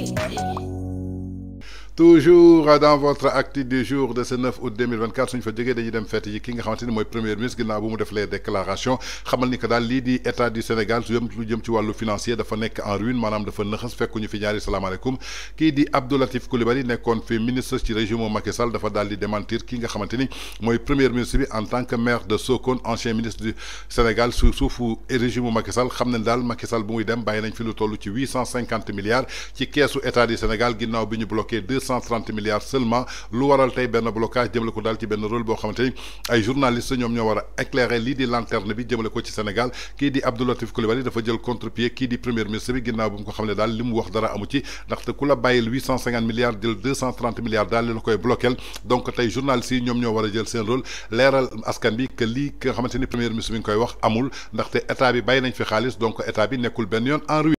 Yeah. toujours dans votre acte du jour de ce 9 août 2024 suñ fa jógee dañuy dem fête yi ki nga xamante moy premier ministre ginnaw bu mu def les déclarations xamal ni que dal li di état du Sénégal su lu jëm ci walu financier dafa nek en ruine manam dafa fekku ñu fi ñaari salaamaaleykum ki di Abdou Latif Koulibaly nekkoon fi ministre ci régime Macky Sall dafa dal di démentir ki nga xamante moy premier ministre bi en tant que maire de Sokone ancien ministre du Sénégal sous suufu régime Macky Sall xam ne Macky Sall bu muy dem bàyyi nañ fi lu tollu ci 850 milliards ci keesu état du Sénégal ginnaw biñu ñu bloqué 2 130 milliards seulement lu waral tey benn blocage jëmale ko dal ci ben rôle bo xamante ay journalistes ñom ñoo wara éclairer li di lanterne bi jëmale ko ci Sénégal ki di Abdou Latif Coulibaly dafa jël contre-pied kii di premier ministre bi ginnaw bu ko xam dal limu wax dara amu ci ndaxte ku la bàyyil huit cent cinquante milliards jël deux cent trente milliards dal li koy donc tay journalistes yi ñoom ñoo wara jël seen rôle leeral askan bi que li ko xamante premier ministre bi nga koy wax amul ndaxte état bi bàyyi nañ fi xaliss donc état bi nekul ben yoon en ruine